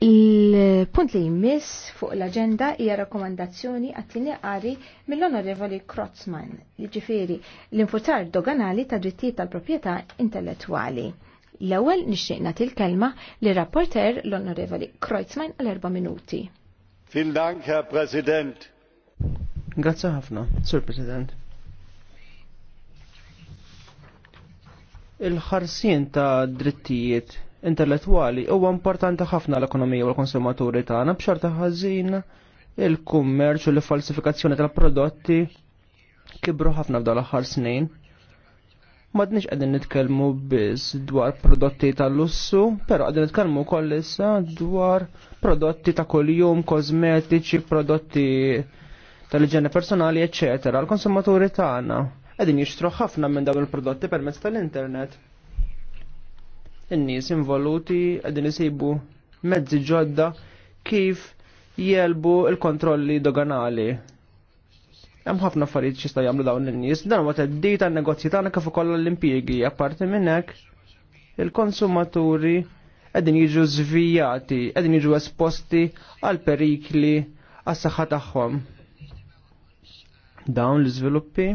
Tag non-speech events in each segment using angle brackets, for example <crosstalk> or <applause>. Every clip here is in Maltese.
Il-punt li jmiss fuq l-agenda hija rakkomandazzjoni għattini qari mill-Onorevoli Krotzman, li ġifiri l infurtar doganali ta' drittijiet tal propieta intellettwali. L-ewwel nixtieq nagħti l-kelma li rapporter l-Onorevoli Krotzman għal erba' minuti. Fil Dank, Herr President. Grazzi ħafna, Sur President. Il-ħarsien ta' drittijiet intellettwali huwa importanti ħafna l-ekonomija u l-konsumaturi tagħna b'xorta ħażin il-kummerċ u l-falsifikazzjoni tal-prodotti kibru ħafna f'dan l-aħħar snin. Madniex qegħdin nitkellmu biss dwar prodotti tal-lussu, però qegħdin nitkellmu wkoll issa dwar prodotti ta' kuljum, kosmetiċi, prodotti tal-iġene personali, eccetera. L-konsumaturi tagħna qegħdin jixtru ħafna minn dawn il-prodotti permezz tal-internet in-nies involuti qegħdin jisibu mezzi ġodda kif jelbu l-kontrolli doganali. Hemm ħafna affarijiet xista jagħmlu dawn in-nies, dan huwa teddita tan-negozji tagħna kif ukoll l-impjiegi, apparti minn hekk il-konsumaturi qegħdin jiġu żvijati, qegħdin jiġu esposti għal perikli għas-saħħa tagħhom. Dawn l-iżviluppi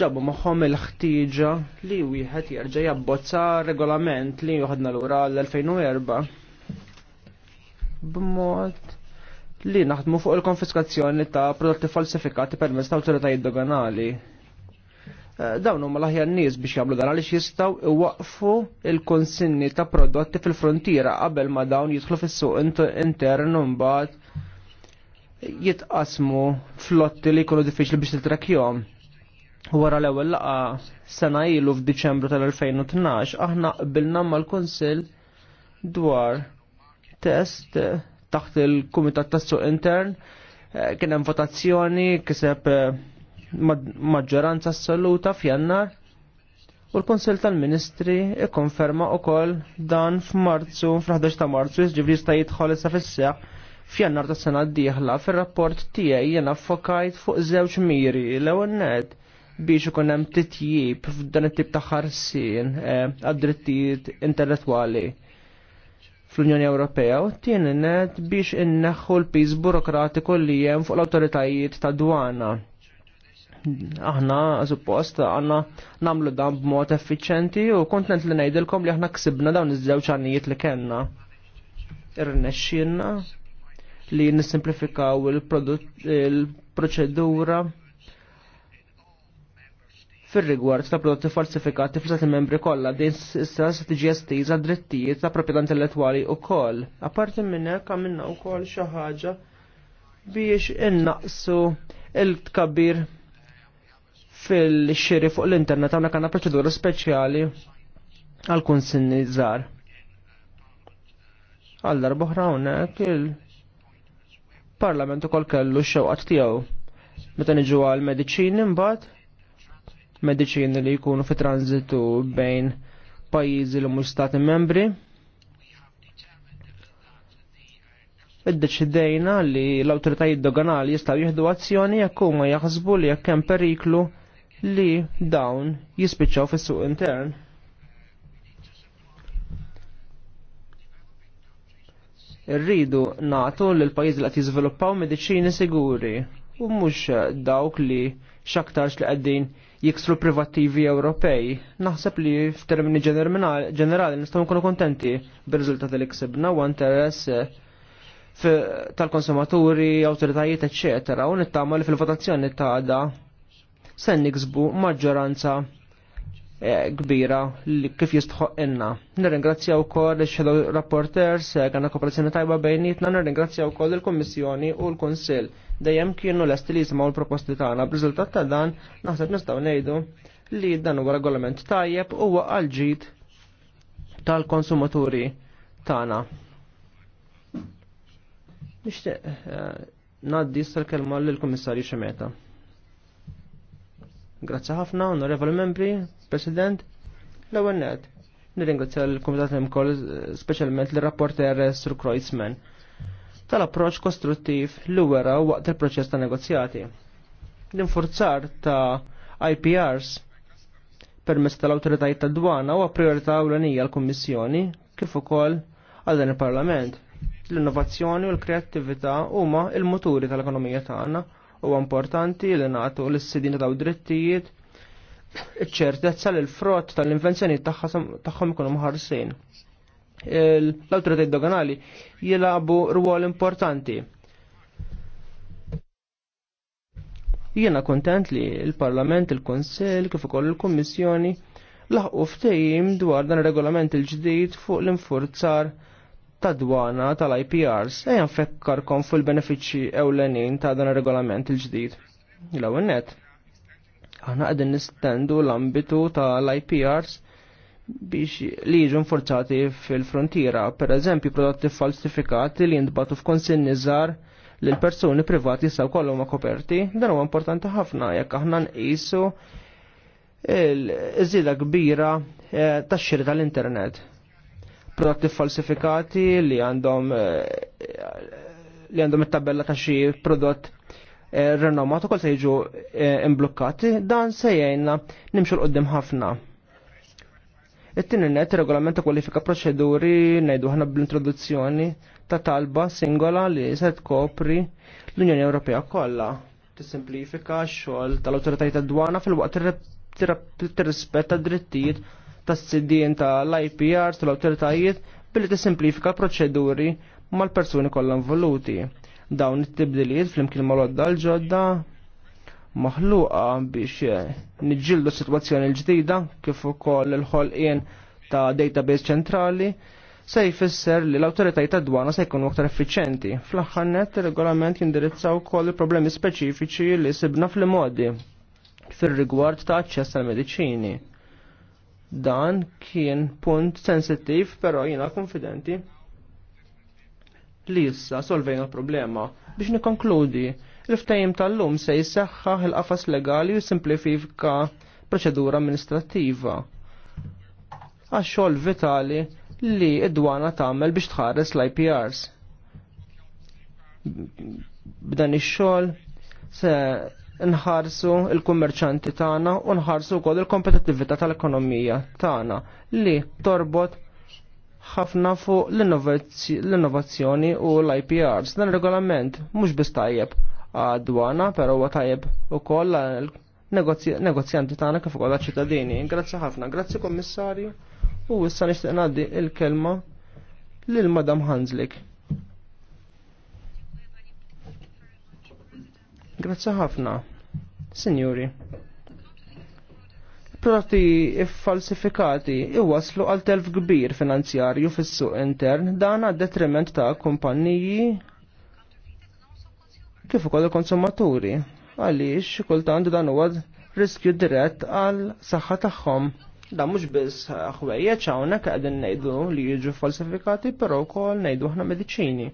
ġabu moħħom il ħtijġa li wieħed jerġa' jabbozza regolament li joħodna lura l-2004 b'mod li naħdmu fuq il-konfiskazzjoni ta' prodotti falsifikati permezz ta' awtoritajiet doganali. Eh, dawn huma l-aħjar nies biex jagħmlu dan għaliex jistgħu iwaqfu il-konsinni ta' prodotti fil-frontiera qabel ma dawn jidħlu fis-suq intern u mbagħad jitqasmu flotti li jkunu diffiċli biex titrakjhom wara l-ewwel laqgħa sena ilu f'Diċembru tal-2012 aħna qbilna mal-Kunsill dwar test taħt il-Kumitat tas-Suq Intern eh, kien hemm votazzjoni kiseb eh, maġġoranza assoluta f'Jannar u l kunsill tal-Ministri ikkonferma wkoll dan f'Marzu fl-11 ta' Marzu jiġifieri jista' jidħol issa fis-seħħ f'Jannar tas-sena d-dieħla fir-rapport tiegħi jiena ffokajt fuq żewġ miri l-ewwel nett biex ikun hemm titjib f'dan it-tip ta' ħarsien eh, għad-drittijiet intellettwali fl-Unjoni Ewropea u tieni net biex inneħħu l-piż burokratiku li hemm fuq l-awtoritajiet ta' dwana. Aħna suppost għandna nagħmlu dan b'mod effiċenti u kontent li ngħidilkom li aħna ksibna dawn iż-żewġ għannijiet li kellna. Irnexxinna li nissimplifikaw il-proċedura il proċedura fil rigward ta' prodotti falsifikati fl-Stati membri kollha din issa se tiġi estiża drittijiet ta' proprjetà intellettwali wkoll. Apparti minn hekk għamilna wkoll xi ħaġa biex innaqsu il-tkabbir fil-xiri fuq l-internet għandna kanna proċedura speċjali għal kunsinni żgħar. Għal darba oħra hawnhekk il-Parlament ukoll kellu x-xewqat tiegħu. Meta niġu għal mediċini mbagħad mediċini li jkunu fi tranzitu bejn pajjiżi li mhux stati membri. Id-deċidejna li l-awtoritajiet doganali jistgħu jieħdu azzjoni jekk huma jaħsbu li jekk hemm periklu li dawn jispiċċaw fis-suq intern. Irridu nagħtu l pajjiżi li qed jiżviluppaw mediċini siguri u mhux dawk li x'aktarx li qegħdin jiksru privattivi Ewropej. Naħseb li f'termini ġenerali nistgħu nkunu kontenti bir-riżultat li ksibna u interess eh, tal-konsumaturi, awtoritajiet, eċetera. u nittama li fil-votazzjoni ta' għada se niksbu maġġoranza eh, kbira li kif jistħoq inna. Nirringrazzja wkoll ix-shadow rapporters, eh, għandna kooperazzjoni tajba bejnietna, nirringrazzja wkoll il-Kummissjoni u l-Kunsill dejjem kienu lesti li jisimgħu l-proposti tagħna. B'riżultat ta' dan naħseb nistgħu ngħidu li dan huwa regolament tajjeb huwa għal ġid tal-konsumaturi tagħna. Nixtieq eh, ngħaddi s kelma lill-Kummissarju meta. Grazzi ħafna, onorevoli membri, President, l-ewwel nirringrazzja l-Kumitat Imkoll eh, speċjalment l-rapporter Sir Kreuzman tal-approċ kostruttiv l wera waqt il-proċess ta' negozjati. L-infurzar ta' IPRs permess tal-autoritajiet ta' dwana huwa priorità ewlenija l-Kummissjoni kif ukoll għal dan il-Parlament. L-innovazzjoni u l-kreattività huma il-muturi tal-ekonomija tagħna huwa importanti li nagħtu l-sidin ta' drittijiet iċ-ċertezza lill l-frott tal-invenzjoni tagħhom ikunu mħarsin l-autoritet doganali jilabu rwol importanti. Jiena kontent li il-Parlament, il-Konsil, kif ukoll il-Kummissjoni laħqu ftehim dwar dan ir-regolament il-ġdid fuq l-infurzar ta' dwana tal-IPRs e janfekkarkom fuq il-benefiċċji ewlenin ta' dan ir-regolament il-ġdid. L-ewwel net. Aħna qegħdin nistendu l-ambitu tal-IPRs biex li jiġu nfurzati fil-frontiera, per eżempju prodotti falsifikati li jindbatu f'konsin niżar li l-persuni privati jistaw kollu ma koperti, dan huwa importanti ħafna jekk aħna nqisu il-żida kbira eh, tax-xiri tal-internet. Prodotti falsifikati li għandhom eh, li għandhom it-tabella ta' xi prodott eh, renomatu kol se jiġu imblukkati, dan se jgħinna nimxu l-qoddim ħafna. It-tieni net regolamenta kwalifika proċeduri najdu ħana bl-introduzzjoni ta' talba singola li se tkopri l-Unjoni Ewropea kollha. Tissimplifika x-xogħol tal-awtoritajiet tad-dwana fil-waqt tirrispetta drittijiet tas-sidien tal-IPR tal-awtoritajiet billi tissimplifika proċeduri mal-persuni kollha involuti. Dawn it-tibdiliet fl-imkien mal għodda l-ġodda maħluqa biex eh, niġġildu situazzjoni l-ġdida kif ukoll il-ħolqien ta' database ċentrali se jfisser li l-autoritajiet ta' dwana se jkunu aktar effiċenti. Fl-aħħar ir-regolament jindirizzaw ukoll il-problemi speċifiċi li sibna fl-modi fir-rigward ta' aċċess tal-mediċini. Dan kien punt sensittiv, però jiena konfidenti li issa solvejna l-problema. Biex nikonkludi, Il-ftajim tal-lum se jissaħħaħ il-qafas legali u simplifika proċedura amministrattiva. Għaxol vitali li id-dwana tagħmel biex tħares l-IPRs. B'dan ix-xogħol se nħarsu il-kummerċanti tagħna u nħarsu wkoll il-kompetittività tal-ekonomija tagħna li torbot ħafna fuq l-innovazzjoni u l-IPRs. Dan ir regolament mhux biss tajjeb għadwana, pero huwa tajjeb ukoll negozjanti tagħna kif ukoll ċittadini. Grazzi ħafna, grazzi kommissarju. U issa nixtieq ngħaddi il-kelma lil Madam Hanslik. Grazzi ħafna, Sinjuri. Prati falsifikati iwaslu għal telf kbir finanzjarju fis-suq intern dan għad detriment ta' kumpanniji kif ukoll il-konsumaturi għaliex kultant dan huwa riskju dirett għal saħħa tagħhom. Dan mhux biss ħwejjeġ hawnhekk qegħdin ngħidu li jiġu falsifikati però wkoll ngħidu aħna mediċini.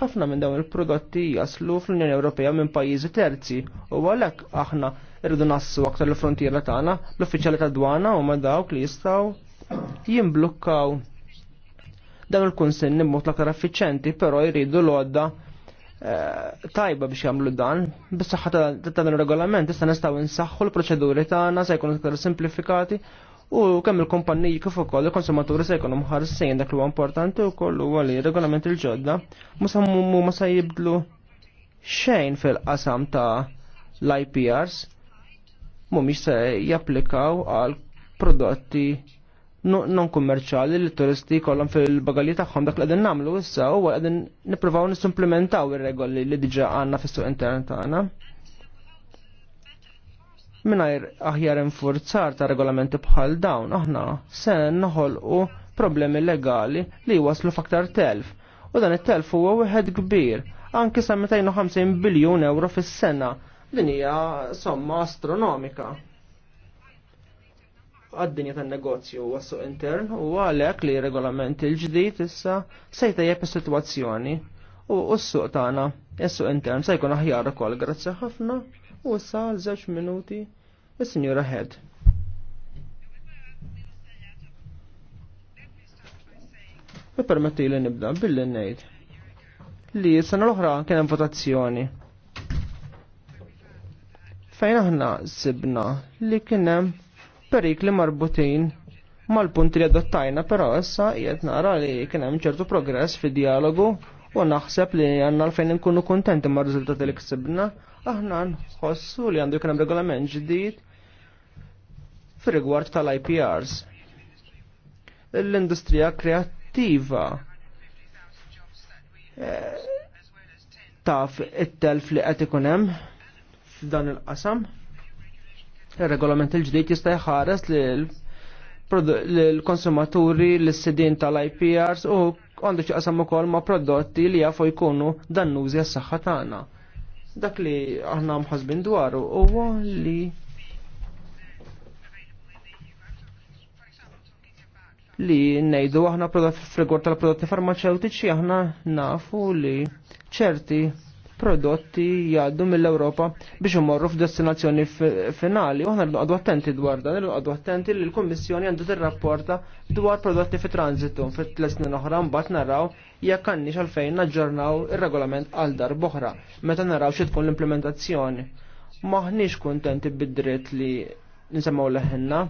Ħafna minn dawn il-prodotti jaslu fl-Unjoni Ewropea minn pajjiżi terzi u għalhekk aħna rridu nassu aktar l-frontiera tagħna, l-uffiċjali ta' dwana huma dawk li jistgħu jimblukkaw dan il-kunsin nimmut l-aktar effiċenti, però jridu l-għodda Eh, tajba biex jagħmlu dan, bis saħħa ta' dan regolament issa nistgħu nsaħħu l-proċeduri tagħna se jkunu iktar simplifikati u kemm il-kumpanniji kif ukoll il-konsumaturi se jkunu mħarsejn dak li huwa importanti wkoll huwa li regolament il-ġodda ma se jibdlu xejn fil-qasam ta' l-IPRs mhumiex se japplikaw għal prodotti non kummerċali li turisti kollhom fil-bagalji tagħhom dak li qegħdin nagħmlu issa u qegħdin nippruvaw nisimplementaw ir-regoli li diġà għandna fis-suq intern tagħna. Mingħajr aħjar infurzar ta' regolamenti bħal dawn aħna se noħolqu problemi legali li waslu f'aktar telf. U dan it-telf huwa wieħed kbir, anke sa 250 biljun euro fis-sena. Din hija somma astronomika għad-dinja tan-negozju u għassu intern u għalhekk li regolament il-ġdid issa sejta jep is-sitwazzjoni u s-suq tagħna is-suq intern se jkun aħjar ukoll grazzi ħafna u issa għal żewġ minuti is-Sinjura Head. Permetti li nibda billi ngħid li s-sena l-oħra kien hemm votazzjoni fejn aħna sibna li kien hemm Perik li marbutin mal-punti li adottajna, però issa qiegħed nara li kien hemm ċertu progress fi dialogu u naħseb li għanna l-fejn nkunu kuntenti mar riżultati li ksibna, aħna nħossu li għandu kien hemm regolament ġdid fir rigward tal-IPRs. L-industrija kreattiva eh, taf it-telf li qed ikun hemm f'dan il-qasam. Il-regolament il-ġdid jista' jħares l-konsumaturi l sedin tal-IPRs u għandu u ukoll ma' prodotti li jafu jkunu dannużi għas-saħħa tagħna. Dak li aħna mħasbin dwaru u li li nejdu aħna prodotti rigward tal-prodotti farmaceutiċi aħna nafu li ċerti prodotti jgħaddu mill-Ewropa biex imorru f'destinazzjoni finali. Oħna għadu attenti dwar dan, l-għadu attenti li l-Kummissjoni għandu tirrapporta dwar prodotti fi transitu fit-tles snin oħra mbagħad naraw jekk għandniex għalfejn naġġornaw ir-regolament għal dar boħra meta naraw xi tkun l-implementazzjoni. Maħniex kuntenti bid-dritt li nsemmaw leħenna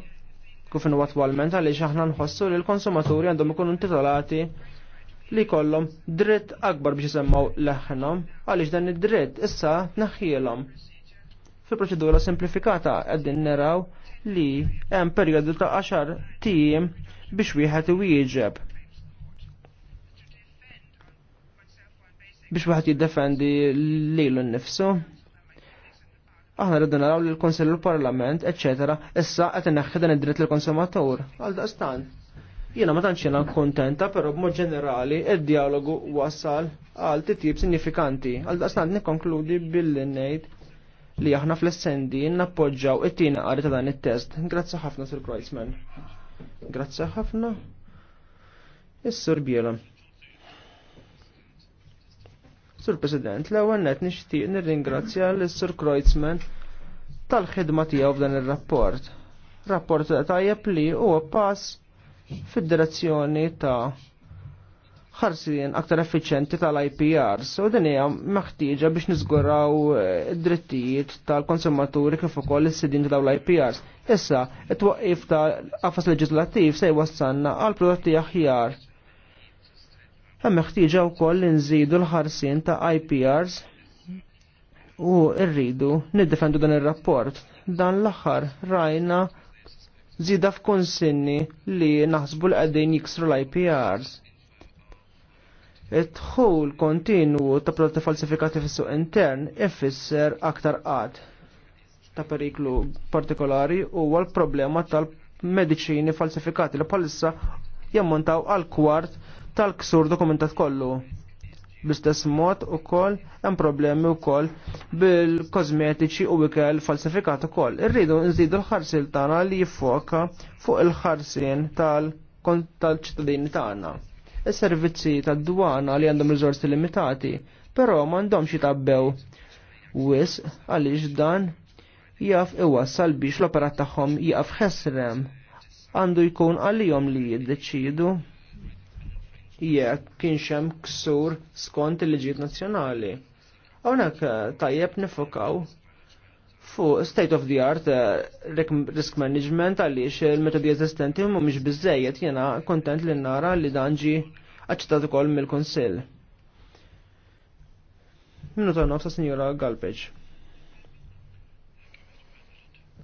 kif inhu attwalment għaliex aħna nħossu li l-konsumaturi għandhom ikunu intitolati li kollom dritt akbar biex jisemmaw leħħenhom għaliex dan id-dritt issa tneħħielhom. Fil-proċedura simplifikata qegħdin naraw li hemm perjodu ta' 10 tim biex wieħed iwieġeb. Biex wieħed jiddefendi lilu nnifsu. Aħna rridu naraw li l-Konsell l-Parlament, eccetera, issa qed inneħħi dan id-dritt lill konsumatur Għal daqstan, Jiena ma tantx jiena kontenta, però b'mod ġenerali id-dialogu wasal għal titjib sinifikanti. Għal daqstant nikkonkludi billi ngħid li aħna fl-essendi nappoġġaw it-tieni qari ta' dan it-test. Grazzi ħafna Sir Kreisman. Grazzi ħafna. Is-Sur Biela. Sur President, l-ewwel nett nixtieq nirringrazzja l sur Kreuzman tal-ħidma tiegħu f'dan ir-rapport. Rapport tajjeb li huwa pass fid-direzzjoni ta' ħarsien aktar effiċenti tal-IPR, so din hija meħtieġa biex niżguraw id-drittijiet eh, tal-konsumaturi kif ukoll is-sidin ta' l-IPRs. Issa, it-twaqqif ta' qafas leġislattiv se jwassanna għal prodotti aħjar. Hemm meħtieġa wkoll li nżidu l-ħarsien ta' IPRs u rridu niddefendu dan ir-rapport. Dan l-aħħar rajna zida f'konsenni li naħsbu l-qegħdin jiksru l-IPRs. Id-dħul kontinwu ta' prodotti falsifikati fis-suq intern ifisser aktar qad ta' periklu partikolari huwa l-problema tal-mediċini falsifikati li bħalissa jammontaw għal kwart tal-ksur dokumentat kollu. Bl-istess mod ukoll hemm problemi wkoll bil-kosmetiċi u ikel falsifikat ukoll. Irridu nżidu l-ħarsil tagħna li jiffoka fuq il-ħarsien tal-ċittadini tagħna. Is-servizzi tad-dwana li għandhom riżorsi limitati, però m'għandhomx tabbew wis għaliex dan jaf iwassal biex l-operat tagħhom jaf ħesrem għandu jkun għalihom li jiddeċidu jekk kienx hemm ksur skont il-liġijiet nazzjonali. Hawnhekk eh, tajjeb nifokaw fuq state of the art eh, risk management għaliex il-metodi eżistenti mhumiex biżejjed jiena kontent li nara li dan ġi aċċettat ukoll mill-Kunsill. Minuta nofsa signora Galpeġ.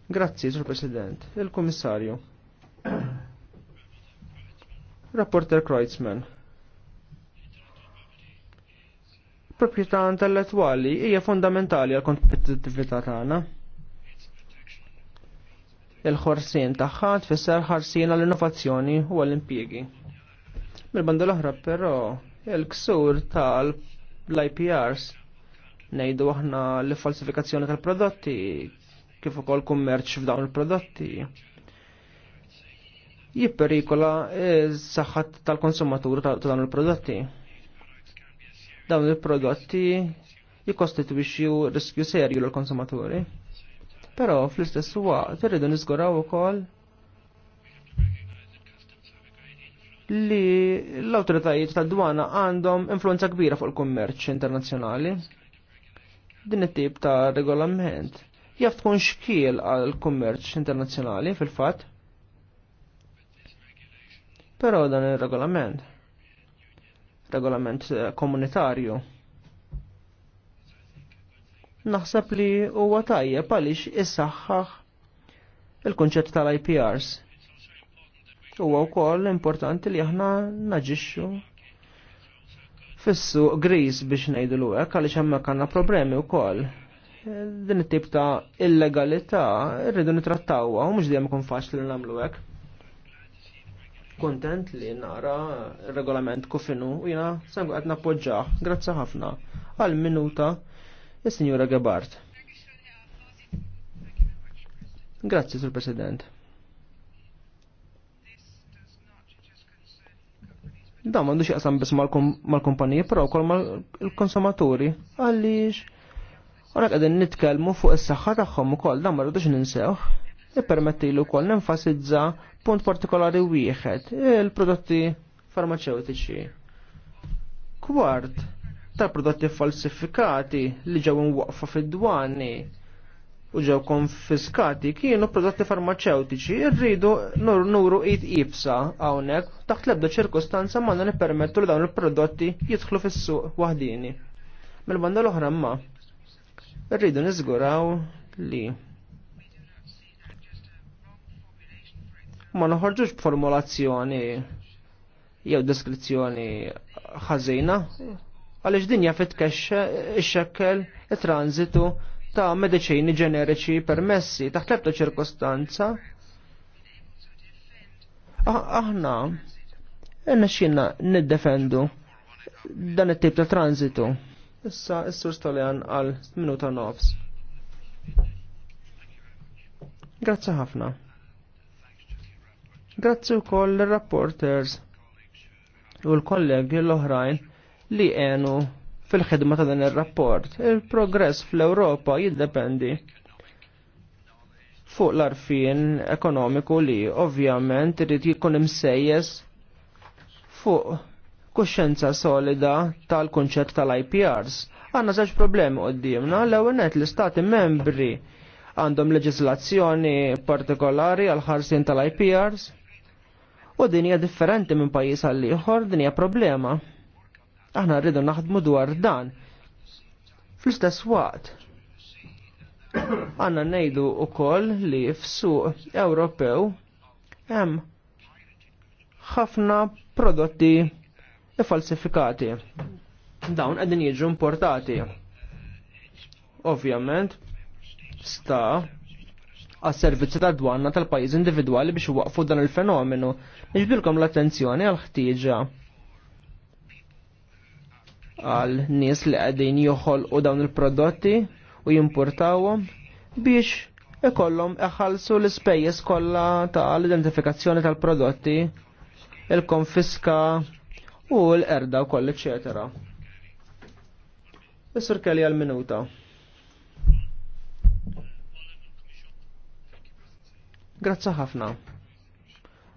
Grazzi, Sur President. Il-Komissarju. <coughs> Rapporter Kreutzmann. proprjetà intellettwali hija fondamentali għal kompetittività tagħna. Il-ħorsien tagħha tfisser ħarsien għall innovazzjoni u għall impjiegi Mill-banda l-oħra però il-ksur tal-IPRs ngħidu aħna l-falsifikazzjoni tal-prodotti kif ukoll kummerċ f'dawn il-prodotti jipperikola s-saħħat tal-konsumatur ta' dawn il-prodotti dawn il-prodotti jikostituixxu riskju serju l-konsumaturi. Però fl-istess waqt irridu niżguraw ukoll li l awtoritajiet tad dwana għandhom influenza kbira fuq il-kummerċ internazzjonali. Din it-tip ta' regolament jaf tkun xkiel għal kummerċ internazzjonali fil-fatt. Però dan il regolament regolament eh, komunitarju. Naħseb li huwa tajjeb għaliex issaħħaħ il-kunċett tal-IPRs. Huwa wkoll importanti li aħna naġixxu fissu gris biex ngħidu l-hekk għaliex hemmhekk għandna problemi wkoll. Din it-tip ta' illegalità rridu nitrattawha u mhux dejjem ikun faċli li nagħmlu hekk kontent li nara regolament kufinu u jina sangu għed nappoġġaħ, grazza ħafna, għal minuta il-Sinjura Gebart. Grazzi, Sur President. Da mandu għasam bis mal-kumpanija, pero kol mal-konsumaturi, għallix. Għonak għedin nitkelmu fuq is-saħħa tagħhom ukoll, dan ma rridux ninsew ippermettilu wkoll nenfasizza punt partikolari wieħed, il-prodotti farmaceutiċi. Kwart, ta' prodotti falsifikati li ġew waqfa fid-dwani u ġew konfiskati kienu prodotti farmaceutiċi irridu nur nuru id ibsa hawnhekk taħt l-ebda ċirkostanza ma nippermettu li dawn il-prodotti jidħlu fis-suq waħdini. Mill-banda l-oħra ma rridu niżguraw li ma noħorġux b'formulazzjoni jew deskrizzjoni ħażina għaliex dinja fitkex ix-xekkel it-transitu ta' mediċini ġeneriċi permessi taħt l ċirkostanza. Ah, aħna nexxinna niddefendu dan it-tip ta' transitu. Issa s-sur Stoljan għal minuta nofs. Grazzi ħafna. Grazzi wkoll l-rapporters u l-kollegi l-oħrajn li għenu fil ħedma ta' dan ir-rapport. Il-progress fl-Ewropa jiddependi fuq l-arfin ekonomiku li ovvjament irid jikun imsejjes fuq kuxenza solida tal-kunċett tal-IPRs. Għanna żewġ problemi d-dimna l-ewwel l-istati membri għandhom leġislazzjoni partikolari għal ħarsien tal-IPRs U din hija differenti minn pajjiż għal ieħor din hija problema. Aħna rridu naħdmu dwar dan. Fl-istess waqt. Għanna ngħidu wkoll li f'suq Ewropew hemm ħafna prodotti falsifikati. Dawn qegħdin jiġu importati. Ovvjament, sta għas servizzi ta' dwanna tal-pajjiż individwali biex waqfu dan il-fenomenu. Niġbilkom l-attenzjoni għal ħtieġa għal nies li qegħdin joħolqu dawn il-prodotti u jimpurtawhom biex ikollhom iħallsu l-ispejjeż kollha tal-identifikazzjoni tal-prodotti, il-konfiska u l-erda wkoll, eċetera. Is-sur Kelly għal-minuta. Grazza ħafna.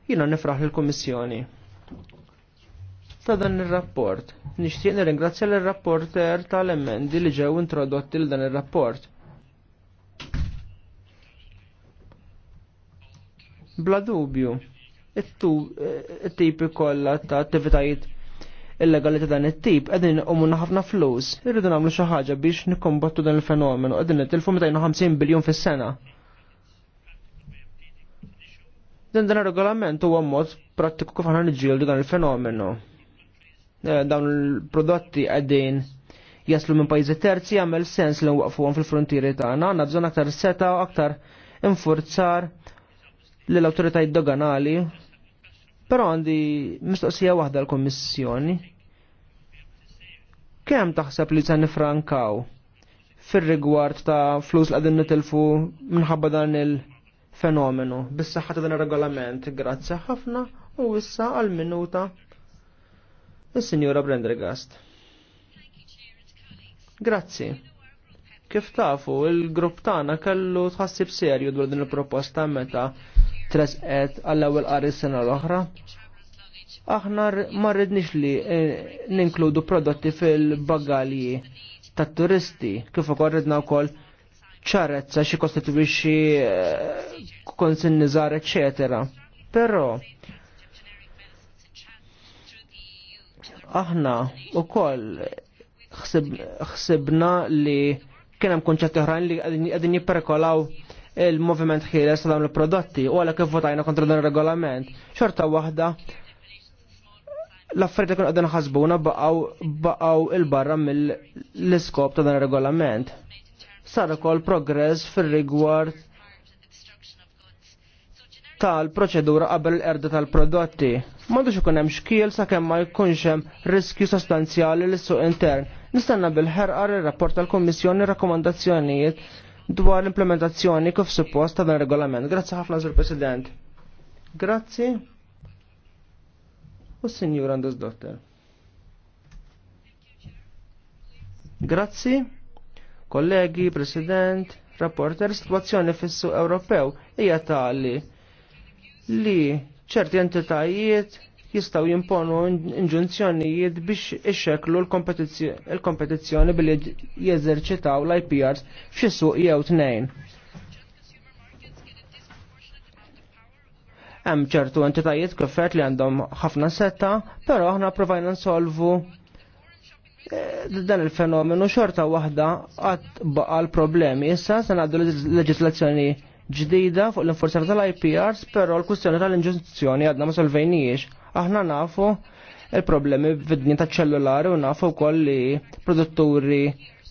Jina nifraħ il-Komissjoni. Ta' dan il-rapport. Nixtieq nirringrazzja l-rapporter tal-emendi li ġew introdotti l dan il-rapport. Bla dubju, it-tipi kollha ta' attivitajiet illegali ta' dan it-tip qegħdin qomuna ħafna flus. Irridu nagħmlu xi ħaġa biex nikkombattu dan il-fenomenu qegħdin nitilfu 250 biljun fis-sena. Dan dan ir-regolament huwa mod prattiku kif aħna niġġieldu dan il-fenomenu. Eh, dawn il-prodotti qegħdin jaslu minn pajjiżi terzi jagħmel sens li nwaqfuhom fil-frontieri tagħna, għandna bżonn aktar seta u aktar infurzar lill awtoritajiet doganali. Però għandi mistoqsija waħda l-Kommissjoni. Kemm taħseb li se nifrankaw fir-rigward ta' flus qegħdin nitilfu minħabba dan il- fenomenu. Bis-saħħa ta' dan ir-regolament, grazzi ħafna u issa għal minuta is-Sinjura Brendergast. Grazzi. Kif tafu, il-grupp tagħna kellu tħassib serju dwar din il-proposta meta tresqet għall-ewwel qari sena l-oħra. Aħna ma rridniex li e, ninkludu prodotti fil-bagalji tat-turisti, kif ukoll ridna wkoll ċarezza xi kostitwixxi e, konsin nizar, etc. Pero, aħna u koll xsibna li kienem konċett oħrajn li għadin jiperkolaw il-moviment ħieles dawn il-prodotti u għalek votajna kontra dan il-regolament. Xorta wahda l-affarijiet kienu għadin ħasbuna baqaw baqgħu il-barra mill-iskop ta' dan ir-regolament. Sar ukoll progress fir-rigward tal-proċedura qabel l-erda tal-prodotti. M'għandux ikun hemm xkiel sakemm ma jkunx hemm riskju sostanzjali l suq intern. Nistenna bil ħerqar ir-rapport tal-Kummissjoni rakkomandazzjonijiet dwar l-implementazzjoni kif suppost ta' dan regolament. Grazzi ħafna Sur President. Grazzi. U Sinjur Andus Dotter. Grazzi. Kollegi, President, Rapporter, situazzjoni fis-suq Ewropew hija tali li ċerti entitajiet jistaw jimponu inġunzjonijiet biex iċeklu l-kompetizzjoni billi jeżerċitaw l-IPRs f'xi suq jew tnejn. Hemm ċertu entitajiet kifet li għandhom ħafna setta, però aħna provajna nsolvu eh, dan il-fenomenu xorta waħda għad baqa l-problemi. Issa sanaddu l leġislazzjoni ġdida fuq l-inforzar tal-IPRs, però l-kwistjoni tal-inġunzjoni għadna ma solvejnijiex. Aħna nafu il-problemi vidni ta' ċellulari u nafu wkoll li produtturi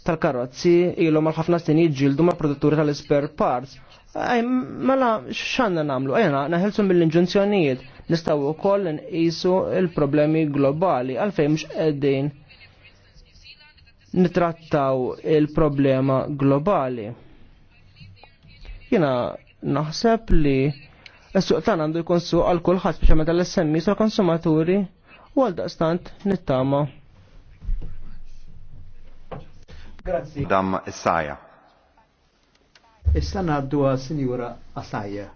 tal-karozzi ilhom għal ħafna snin ġildu ma' produtturi tal-spare parts. Ej, mela x'għandna nagħmlu? Ejna naħelsu mill-inġunzjonijiet nistgħu wkoll nqisu il-problemi globali għalfejn mhux qegħdin nitrattaw il-problema globali jina naħseb li s-suq tan għandu jkun suq għal kulħadd biex meta l-SMI sa konsumaturi u għal daqstant nittama. Grazzi. Dam Issaja. Issa għaddu għal Sinjura Asaja.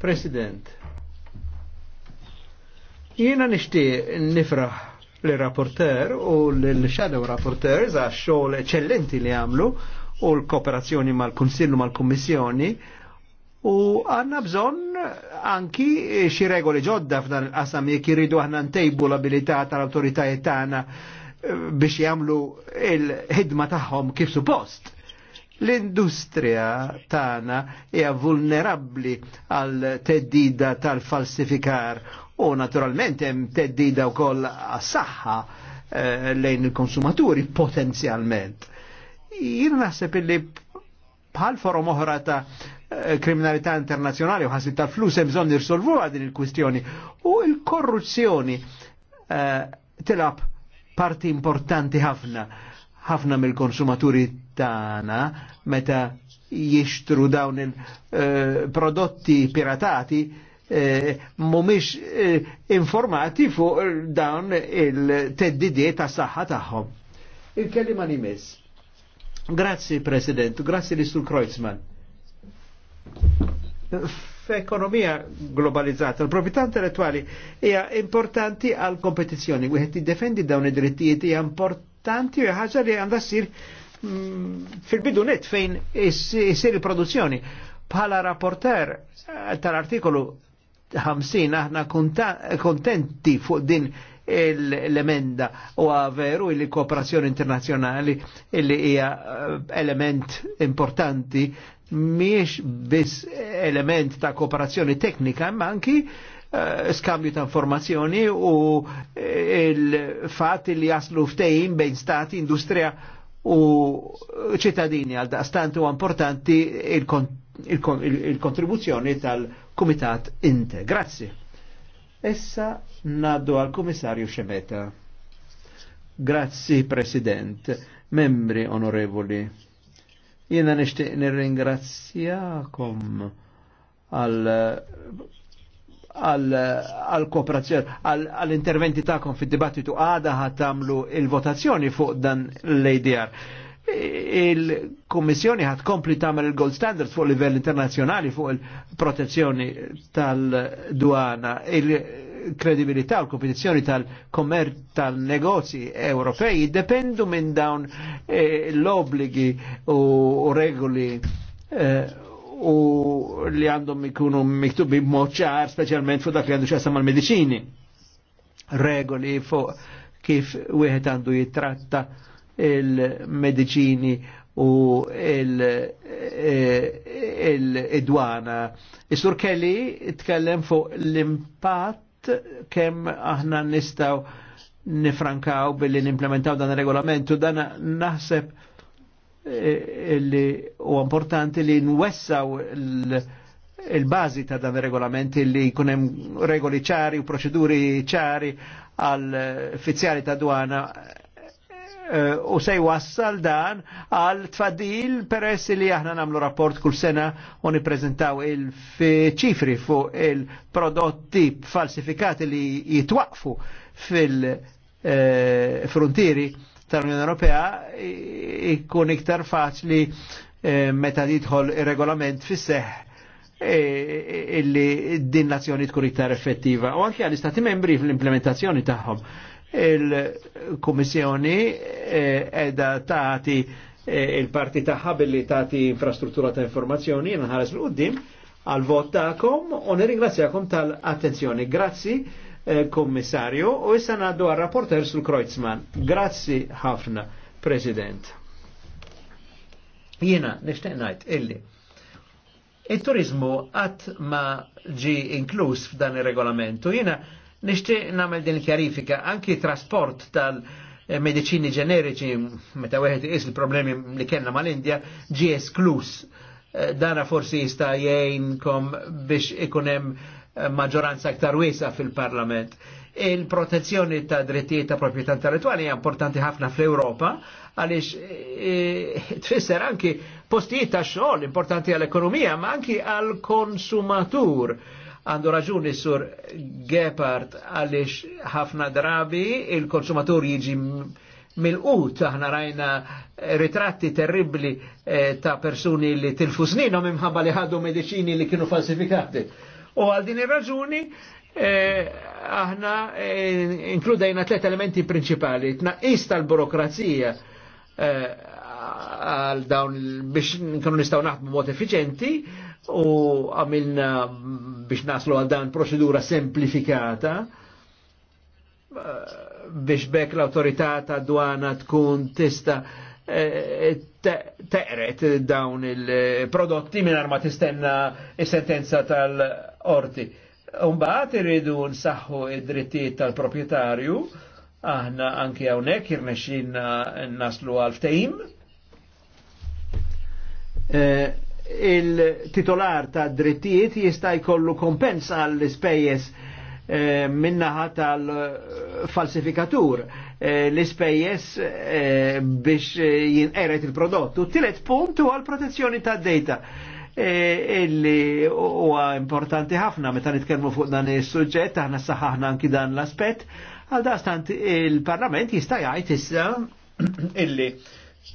President, jiena nixtieq nifraħ l-rapporter u l-shadow rapporter za' xogħol eċċellenti li għamlu u l-kooperazzjoni mal-Kunsillu mal-Kummissjoni u għanna bżon anki xi regoli ġodda f'dan il-qasam jekk iridu aħna ntejbu l-abilità tal-awtoritajiet tagħna eh, biex jagħmlu l ħidma tagħhom kif suppost. L-industrija tagħna hija vulnerabbli għal teddida tal-falsifikar u naturalment hemm teddida wkoll għas-saħħa eh, lejn il-konsumaturi potenzjalment Jien naħseb illi bħal forom oħra ta' eh, kriminalità internazjonali u ħasib tal-flus hemm bżonn nirsolvu din il-kwistjoni. U l-korruzzjoni eh, tilab parti importanti ħafna ħafna mill-konsumaturi tagħna meta jixtru dawn il-prodotti eh, piratati E, mumiex informati fuq dawn il-teddidiet ta' saħħa tagħhom. Il-kelima li miss. Grazzi, President, grazzi li Sur Kreuzmann. F'ekonomija globalizzata, l-proprietà intellettuali hija importanti għal kompetizzjoni. Wieħed jiddefendi dawn id-drittijiet hija importanti u ħaġa li għandha ssir mm, fil-bidunet fejn issir il-produzzjoni. Bħala rapporter eh, tal-artikolu 50 aħna kontenti fuq din l-emenda u veru li kooperazzjoni internazjonali li hija eh, element importanti miex biss element ta' kooperazzjoni teknika imma anki eh, skambju ta' informazzjoni u eh, il-fat li jaslu ftejn bejn stati, industrija u ċittadini għal daqstant u importanti il-kontribuzzjoni tal-Kumitat Inte. Grazie. Issa naddu għal komissarju Xemeta. Grazzi, President, membri onorevoli. Jena nishtiq nirringrazzjakom għal għal kooperazzjoni, għal interventi ta'kom fid-dibattitu għada ħatamlu il-votazzjoni fuq dan l-ADR il-Kommissjoni ħat kompli tagħmel il-gold standard fuq livell internazzjonali fuq il-protezzjoni tal-dwana, il-kredibilità u l-kompetizzjoni tal-kommer tal-negozji Ewropej dependu minn dawn eh, l-obligi u regoli eh, u li għandhom ikunu miktubi moċar, specialment fuq dak li għandu xasam mal-medicini. Regoli fuq kif wieħed għandu jitratta il-medicini u il-dwana. Eh, Isur Kelly tkellem fuq l-impatt kemm aħna nistaw nifrankaw billi nimplementaw dan il-regolamentu, dan naħseb eh, li u importanti li nwessaw il-bazi ta' dan il-regolament li kunem regoli ċari u proċeduri ċari għal fizzjari ta' dwana Eh, u se jwassal dan għal tfadil peress li aħna namlu rapport kull sena u niprezentaw il-ċifri fuq il-prodotti falsifikati li jitwaqfu fil-frontieri eh, tal-Unjoni Ewropea ikun iktar faċli eh, meta jidħol ir-regolament fisseħ illi din l tkun iktar effettiva. U anke għall-istati membri fl-implementazzjoni tagħhom il-Komissjoni eh, edha taħti eh, il-parti taħħa billi taħti infrastruttura ta' informazzjoni jena ħares l-qoddim għal-vot taħkom u nirringrazzjakom tal-attenzjoni. Grazzi eh, kommissarju u issa għaddu għal-rapporter sul-Kreuzmann. Grazzi ħafna, President. Jena, nishtiq illi. Il-turizmu għat ma ġi inkluż f'dan il-regolamentu. Jena, Nixtieq nagħmel din il-kjarifika, anki trasport tal- medicini ġeneriċi, meta weħed is il-problemi li kellna mal-Indja, ġi esklus. Eh, dana forsi jista' jajnkom biex ikun hemm eh, maġġoranza aktar wiesa fil-Parlament. Il-protezzjoni ta' drittijiet ta' proprietà intellettuali hija importanti ħafna fl-Ewropa għaliex eh, tfisser anki postijiet ta' xogħol importanti għall-ekonomija, ma anki għall-konsumatur Għandu raġuni sur Gepard għalix ħafna drabi il-konsumatur jiġi mil-qut, aħna rajna ritratti terribli eh, ta' persuni li tilfu sninhom imħabba li ħaddu medicini li kienu falsifikati. U għal din ir-raġuni eh, aħna eh, inkludajna tlet elementi principali, tnaqqis tal-burokrazija eh, għal dawn biex nkunu nistgħu naħdmu mod effiċenti, u għamilna biex naslu għal dan proċedura semplifikata biex bekk l-autorità ta' dwana tkun tista eh, teqret dawn il-prodotti minn arma tistenna is-sentenza tal-orti. Umbaħt irridu nsaħħu id-drittijiet tal-propietarju, aħna anki hawnhekk irnexxin naslu għal ftehim. Eh, il-titolar ta' drittijiet jista' jkollu kompens għall-ispejjeż eh, minnaħa tal-falsifikatur eh, l-ispejjes eh, biex jinqeret il prodottu tilet punt huwa l-protezzjoni tad data illi huwa importanti ħafna meta nitkellmu fuq dan is-suġġett aħna saħaħna anki dan l-aspett għal dastant il-Parlament jista' jgħid issa <coughs> illi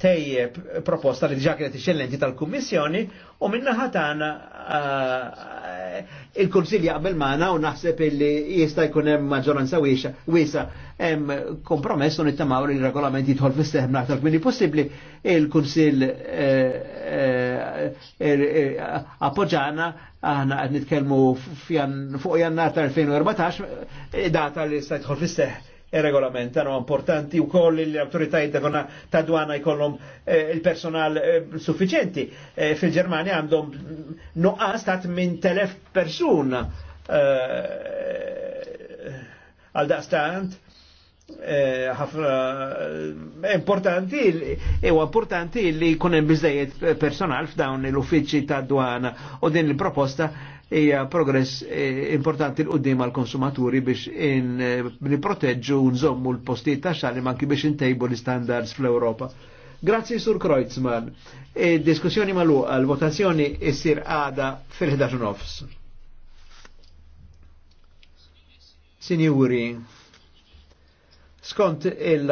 tejjeb proposta li ġa kienet iċċellenti tal-Kummissjoni u minna ħatana eh, il-Kunsilj jaqbel Mana u naħseb illi jista' jkun hemm maġġoranza wiesa hemm kompromess u nittamaw li l-regolament jidħol fis-seħm aktar kmini possibbli il-Kunsill eh, eh, appoġġana aħna qed nitkellmu fuq jannar 2014 data li jista' jidħol fis-seħħ regolament. għanu importanti u koll li l-autoritajiet ta' dwana jkollom eh, il-personal eh, suffiċenti. Eh, fil germania għandhom nuqqas ta' 8000 persuna għal daqstant Eh, ħafna eh, importanti ewa importanti li jkun hemm personal f'dawn l uffiċi ta' dwana u din il-proposta hija progress eh, importanti l qoddim għal konsumaturi biex niproteġġu eh, u nżommu l-postijiet ta' xali manki biex intejbu l-standards fl europa Grazzi Sur Kreuzmann. E diskussjoni malu għal votazzjoni issir għada fil-11 nofs. Signori, skont il-